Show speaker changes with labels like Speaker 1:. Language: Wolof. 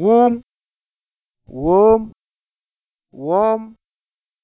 Speaker 1: wum wom wom